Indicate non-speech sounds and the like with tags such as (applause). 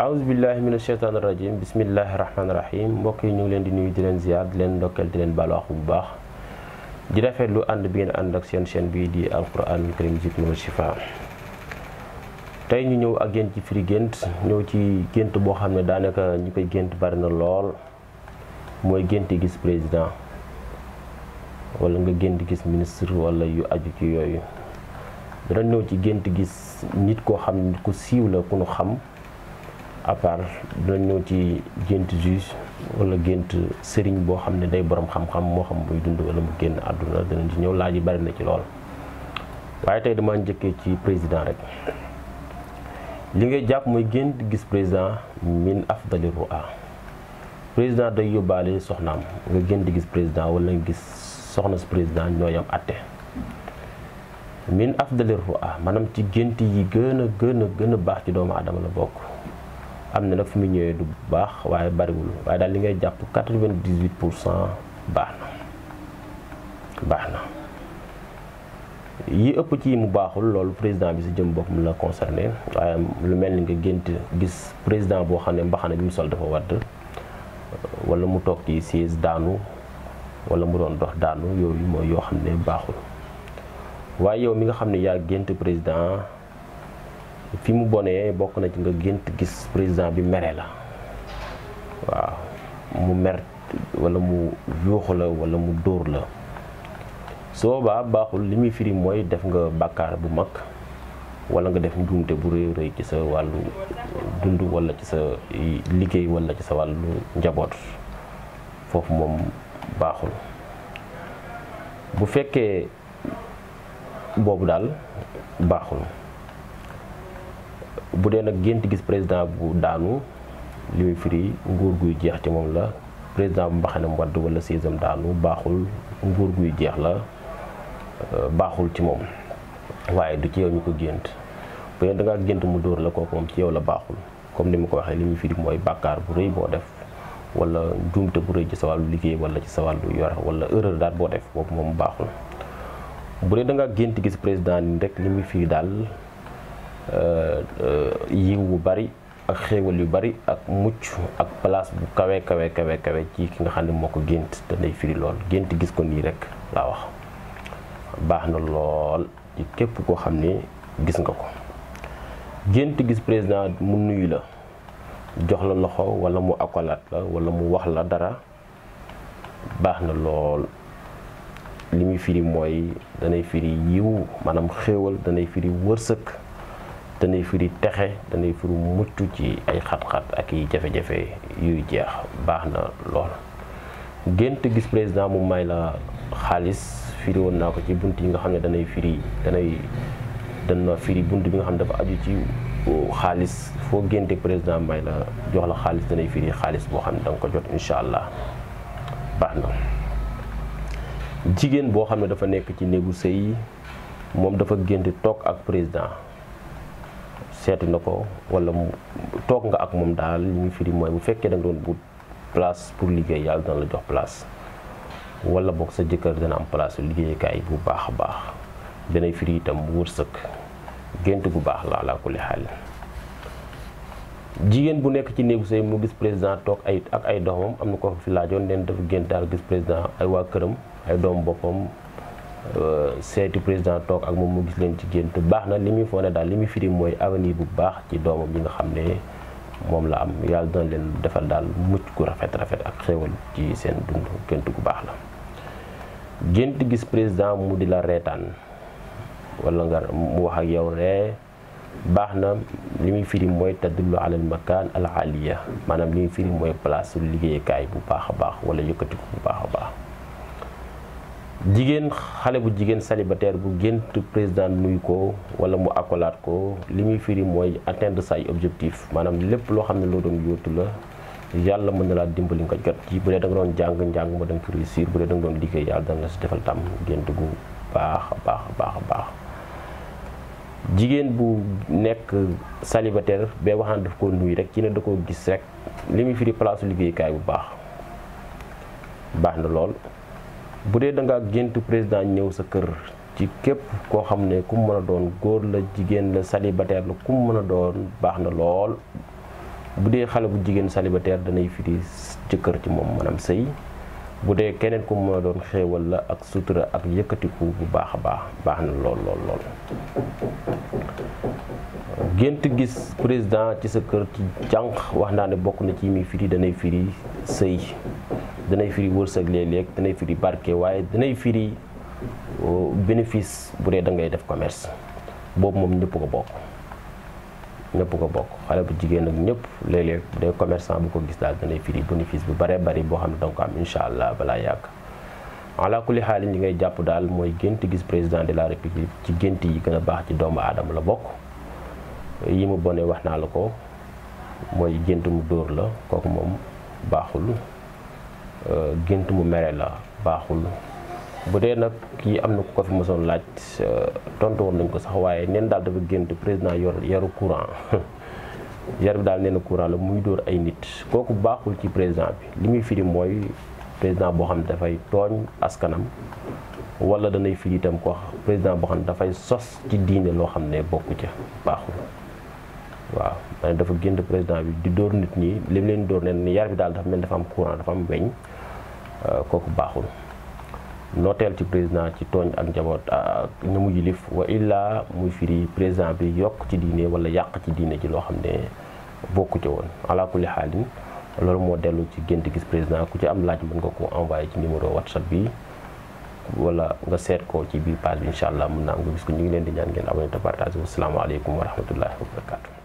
aawuzu billahi mina sheytaani rajim bismillahi rahmaani rahim mbokk yi ñu ngi leen di nuy di leen ziar di leen ndokkeel di leen baal bu baax di rafetlu ànd bi ngeen ànd ak seen chaîne bii di alquran karim zikr wa shifa tey ñu ñëw ak yéen ci firi gént ñëw ci gént boo xam ne daanaka ñu koy gént bari na lool mooy gént gis président wala nga gént gis ministre walla yu aju ci yooyu dana ñëw ci gént gis nit koo xam ne nit ku siiw la ku ñu xam à part ñëw ci gént juge wala gént sëriñ boo xam ne day boroom xam-xam moo xam muy dund wala mu génn àdduna dinañ ci ñëw laaj yi bari na ci lool waaye tey dama njëkkee ci président rek li ngay jàpp mooy gént gis président min afdali rua président day yóbbaale soxnaam nga gént gis président wala nga gis soxna si président ñooy am atte min afdali rua maanaam ci gént yi gën a gën a gën a baax ci doomu aadama la bokk am na nag fu mu ñëwee du baax waaye bariwul waaye daal li ngay jàpp 98 pour cent baax na baax na yi ëpp ci mu baaxul loolu président bi si jëm mu la concerné waaye lu mel ni nga gént gis président boo xam ne mbaxana bi mu sol dafa wadd wala mu toog ci siège daanu wala mu doon dox daanu yooyu yoo xam ne baaxul waaye yow mi nga xam ne yaa gént président fi mu bonee bokk na ci nga gént gis président bi mere la waaw mu mer walla mu yuuxu la wala mu dóor la su boobaa baaxul li muy firi mooy def nga bàkkaar bu mag walla nga def njuumte bu rëy rëy ci sa wàllu dund walla ci sa liggéey wala ci sa wàllu njaboot foofu moom baaxul bu fekkee boobu daal baaxul bu dee nag gént gis président bu daanu li muy firi nguur guy jeex ci moom la président bu mbaxanam wadd wala siisam daanu baaxul nguur guy jeex la euh, baaxul ci moom waaye du ci yow ñu ko gént bu dee da gént mu dóor la kooku moom ci yow la baaxul comme ni ma ko waxee li muy firi mooy bàkkaar bu rëy boo def wala njuumte bu rëy ci sa wàllu liggéey wala ci sa wàllu yor wala erreur daal boo def boobu moom baaxul bu dee da gént gis président ni rek li muy firi daal Euh, euh, yiw bu bari ak xéewal yu bari ak mucc ak place bu kawe kawe kawe kawe ci ki nga xam ne moo ko gént te day firi lool gént gis ko nii rek laa wax baax na lool ci képp koo xam ne gis nga ko gént gis président mu nuyu la jox la loxo wala mu akolaat la wala mu wax la dara baax na lool li muy firi mooy danay firi yiw maanaam xéewal danay firi wërsëg danay firi texe danay firi mucc ci ay xat-xat ak i jafe-jafe yuy jeex baax na lool gént gis président mu may la xaalis firi woon naa ko ci bunt yi nga xam ne danay firi danay dana firi bunt bi nga xam ne dafa aju ci xaalis foo génte président may la jox la xaalis danay firi xaalis boo xam ne da ko jot incha allah baax na jigéen boo xam ne dafa nekk ci néegu sëy moom dafa gént toog ak président seetu na ko wala mu toog nga ak moom daal li ñu firi mooy bu fekkee da doon bu place pour liggéey yàlla dana la jox place wala boog sa jëkkër dana am place liggéeykaay bu baax a baax danay firi itam wërsëg gént gu baax la ala kulli xaal jigéen bu nekk ci néegu sëy mu gis président toog ay ak ay doomam am na ko fi laajoon neen dafa gént daal gis président ay waa këram ay doom boppam Euh, seeti président toog ak moom mu gis leen ci gént baax na li muy foone daal li muy firi mooy avenir bu baax ci doomam bi nga xam ne moom la am yàlla dina leen defal daal mucc gu rafet rafet ak xéwal ci seen dund gént gu baax la gént gis président mu di la reetaan walla nga mu wax ak yow ree baax na li muy firi mooy tadullu alal makaan al aliya maanaam li muy firi mooy place su liggéeyukaay bu baax a baax wala yëkkatiku bu baax a baax jigéen xale bu jigéen célibataire bu gént président nuyu ko wala mu accolade ko li muy firi mooy atteindre say objectif maanaam lépp loo xam ne loo doon yóotu la yàlla mën na laa dimbali nga jot ci bu dee da doon jàng njàng ma dem ci réussir bu dee da nga doon liggéey yàlla dana la si defal tam gént gu baax baax a baax a baax jigéen bu nekk célibataire bee waxaan daf koo nuyu rek ci ne da koo gis rek li muy firi place kaay bu baax baax na lool bu dee da ngaa gént président ñëw sa kër ci képp koo xam ne ku mën a doon góor la jigéen la célibataire la ku mën a doon baax na lool bu dee xale bu jigéen célibataire danay firi jëkkër ci moom maanaam sëy bu dee keneen ku mu mën a doon xéewal la ak sutura ak yëkkatiku bu baax a baax baax na lool lool lool gént gis président ci sa kër ci jànq wax naa ne bokk na ci mi firi danay firi sëy danay firi wërsëg léeg-léeg danay firi barke waaye danay firi uh, bénéfice bu dee da ngay def commerce boobu moom ñëpp ko bokk ñëpp ko bokk xale bu jigéen ak ñëpp léeg-léeg bu bu ko gis daal danay firi bénéfice bu baree bari boo xam ne danga ko am incha allah balaa yàgg ala kulli xaalin li ngay jàpp daal mooy gént gis président de la république ci gént yi gën a baax ci doomu aadama la bokk yi mu bone wax naa la ko mooy gént mu dóor la kooku moom baaxul gént mu mere la baaxul bu dee nag kii am na ku ko fi mosoon laaj tontu woon nañ ko sax waaye neen daal dafa gént président yor yaru courant (laughs) yar bi daal nee na courant la muy dóor ay nit kooku baaxul ci président bi li muy firim mooy président boo xam ne dafay tooñ askanam walla danay firi itam ko président boo xam ne dafay sos ci diine loo xam ne bokku ca baaxul waaw man dafa génn président bi di dóor nit ñi li leen dóor ne ni yar bi daal dafa mel dafa am courant dafa am weñ euh, kooku baaxul nooteel ci président ci tooñ ak njaboot euh, nga mu yilif wa illaa muy firi président bi yokk ci diine wala yàq ci diine ji loo xam ne bokku ci woon ala kulli xaalin loolu moo dellu ci gént gis président ku ci am laaj mën nga ko envoyé ci numéro whatsapp bi wala nga seet ko ci biir page bi incha allah mën naa am nga gis ko ñu ngi leen di ñaan ngeen abonné te partagé wasalaamaaleykum wa rahmatullahi wa barakatu